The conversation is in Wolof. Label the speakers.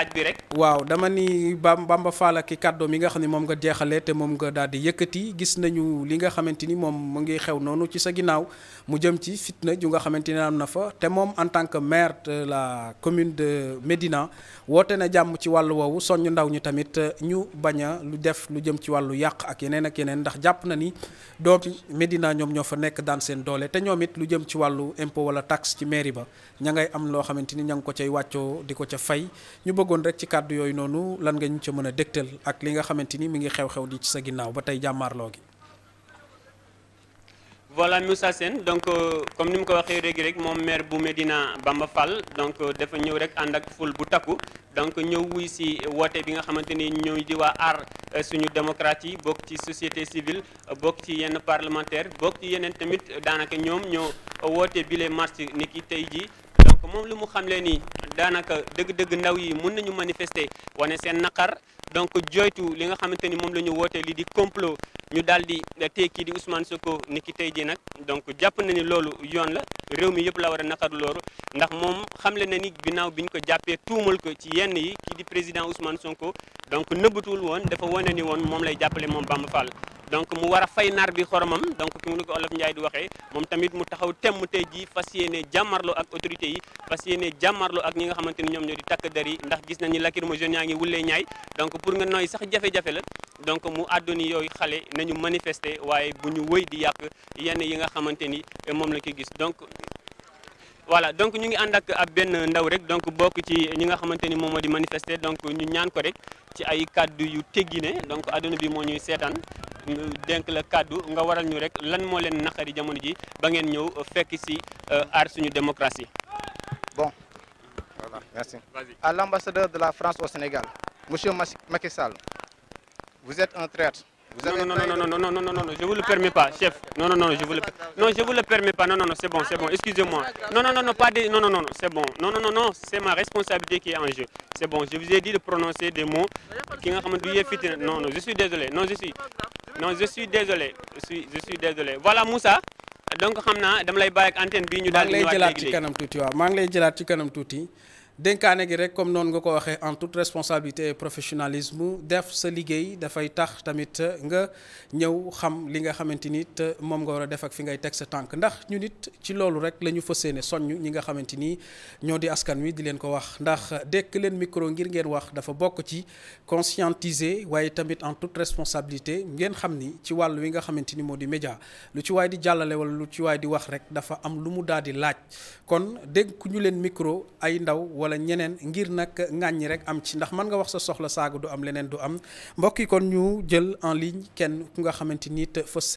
Speaker 1: laaj bi rek.
Speaker 2: waaw dama ni Bamba Fall ki kàddoom mi nga xam ne moom nga jeexalee te moom nga daal di yëkkati gis nañu li nga xamante ni moom mu ngi xew noonu ci sa ginnaaw mu jëm ci fitna ju nga xamante ni am na fa te moom en tant que maire la commune de Médina woote na jàmm ci wàllu woowu soññ ndaw ñi tamit ñu bañ a lu def lu jëm ci wàllu yàq ak yeneen ak yeneen ndax jàpp na ni doomi Médina ñoom ñoo fa nekk daan seen doole te ñoom it lu jëm ci wàllu impôt wala taxe ci mairie ba ña ngay am loo xamante ni ña ngi ko cay wàccoo di ko ca fay ñu bëgg bëggoon rek ci kàddu yooyu noonu lan nga ñu ca mën a dégtal ak li nga xamante ni mi ngi xew-xew di ci sa ginnaaw ba tey jàmmaarloo gi.
Speaker 1: voilà Moussa Sène donc euh, comme ni mu ko waxee léegi rek moom maire bu Médina Bamba Fall donc euh, dafa ñëw rek ànd ak ful bu takku donc ñëw wuy si woote bi nga xamante ni ñëw di waa aar euh, suñu démocratie bokk ci société civile bokk ci yenn parlementaire bokk ci yeneen tamit daanaka ñoom ñoo woote bile marche ni ki tey jii donc moom lu mu daanaka dëgg-dëgg ndaw yi mun nañu manifester wane seen naqar donc joytu li nga xamante ni moom la ñu wootee li di complot ñu daal di téye kii di Ousmane Sonko ni ki tey jii nag donc jàpp na ni loolu yoon la réew mi yëpp la war a naqar loolu ndax moom xamle na ni ginnaaw bi ñu ko jàppee tuumal ko ci yenn yi kii di président Ousmane Sonko donc nëbbatul woon dafa wane ni woon moom lay jàppale moom Bamba Fall donc mu war a fay naar bi xoromam donc ki mu ne ko olof Njaay di waxee moom tamit mu taxaw temm tey jii fas yéene jàmmarloo ak autorité yi fas yéene jàmmarloo ak ñi nga xamante ni ñoom ñoo di takk der yi ndax gis nañu lacrymogène yaa ngi wullee ñaay donc pour nga nooy sax jafe-jafe la donc mu àdduni yooyu xale nañu manifester waaye bu ñu wëy di yàq yenn yi nga xamante ni moom la koy gis donc voilà donc ñu ngi ànd ak ab benn ndaw rek donc bokk ci ñi nga xamante ni moom moo di manifester donc ñu ñaan ko ci ay kàddu yu teggine donc àdduna bi moo ñuy seetaan ñu dénk la kàddu nga waral ñu rek lan moo leen naqari jamono ji ba ngeen ñëw fekk ci aar suñu démocratie.
Speaker 2: bon voilà merci. à la France au Sénégal monsieur Macky Sall
Speaker 1: vous je vous le permets pas, chef. Non, non, non, je vous le, non, pas. Non, c'est bon, Excusez-moi. Non, non, c'est ma responsabilité qui est en jeu. C'est bon, je vous ai dit de prononcer des mots qui Non, non, je suis désolé. Non, je suis. non je suis désolé je suis je suis désolé voilà Moussa donc xam naa dam lay bàyyi ak antenne bi ñu daal di ñëwaat léegi léegi maa lay jëlaat ci kanam
Speaker 2: tuuti waaw maa ngi lay jëlaat ci kanam tuuti. dénkaane gi rek comme noonu nga ko waxee en toute responsabilité et def sa liggéey dafay tax tamit nga ñëw xam li nga xamante ni moom nga war a def ak fi ngay teg sa tànk ndax ñu nit ci loolu rek la ñu fas yéene soññ ñi nga xamante ni ñoo di askan wi di leen ko wax ndax dekk leen micro ngir ngeen wax dafa bokk ci conscientiser waaye tamit en toute responsabilité ngeen xam ni ci wàll wi nga xamante ni moo di média lu ci waay di jàllale wala lu ci waay di wax rek dafa am lu mu daal di laaj kon dénk leen micro ay ndaw wala ñeneen ngir nag ŋàññi rek am ci ndax man nga wax sa soxla saaga du am leneen du am mbokk yi kon ñu jël en ligne kenn ku nga xamante ni te fës